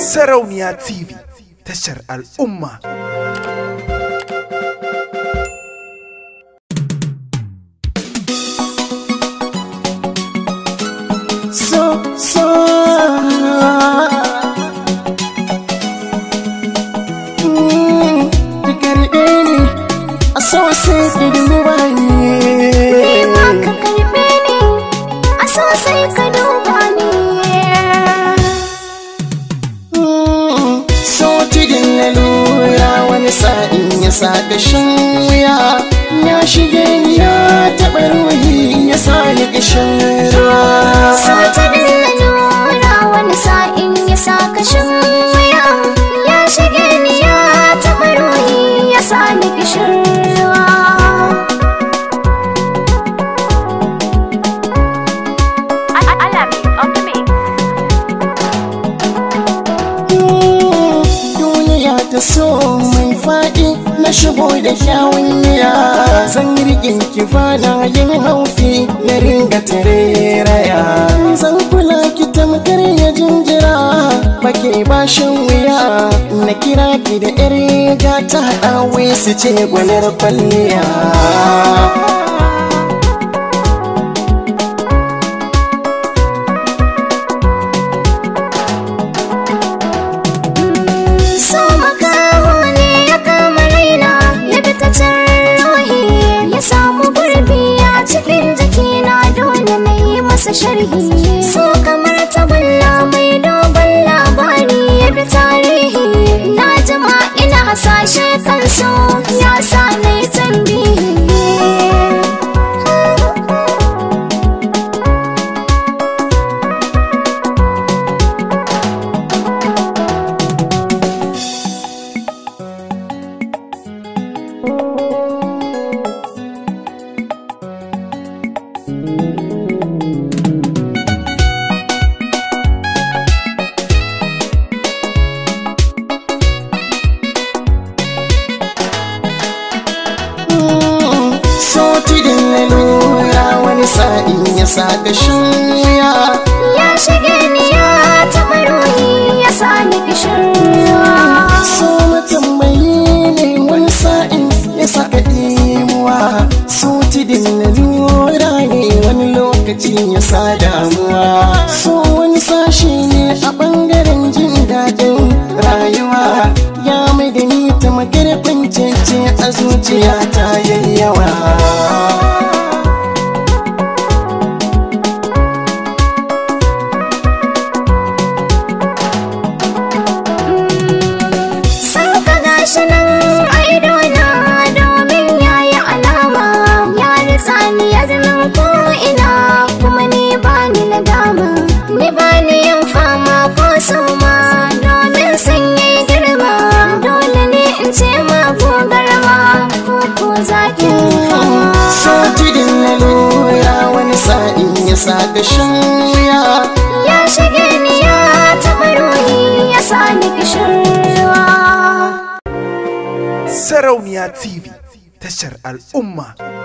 Sarauniya TV tashar al'umma. So, so. So mm, I sa shan wuya ya shige ni ya taɓa ruhi ya sa ni gashin ruwa sata da nura wani sa'in ya sa shan wuya ya shige ni ya taɓa ruhi ya sa ni gashin ruwa Duniya ta so na shigo da kyawun zan rigin kifana yin haufi na ringa tareraya zan kula ki tamkar ya jinjira bake bashin wuya na kira ki da yar gata a su ce gwanar kwalliya masa sharhi so kamar tagulla mai dogon labari ya tarihi na jima ina hasashe kan so ya sa na yi tambihi Thank you. lalura wani sa'in ya sa gashin wuya ya shige ni ya taba ruhi ya sa ni gashin wuya so mutum mai ne wani sa'in ya sa ka ɗimuwa so tidin lalura ne wani lokaci ya sa damuwa so wani sashi ne a ɓangaren jin daɗin rayuwa ya mai da ni ta magarfin cece a zuciya ta yi yawa. zaƙi so wani sa'in ya sa da shan wuya ya shige ni ya taɓa ruhi ya sa ni ruwa. sarauniya tv tashar al'umma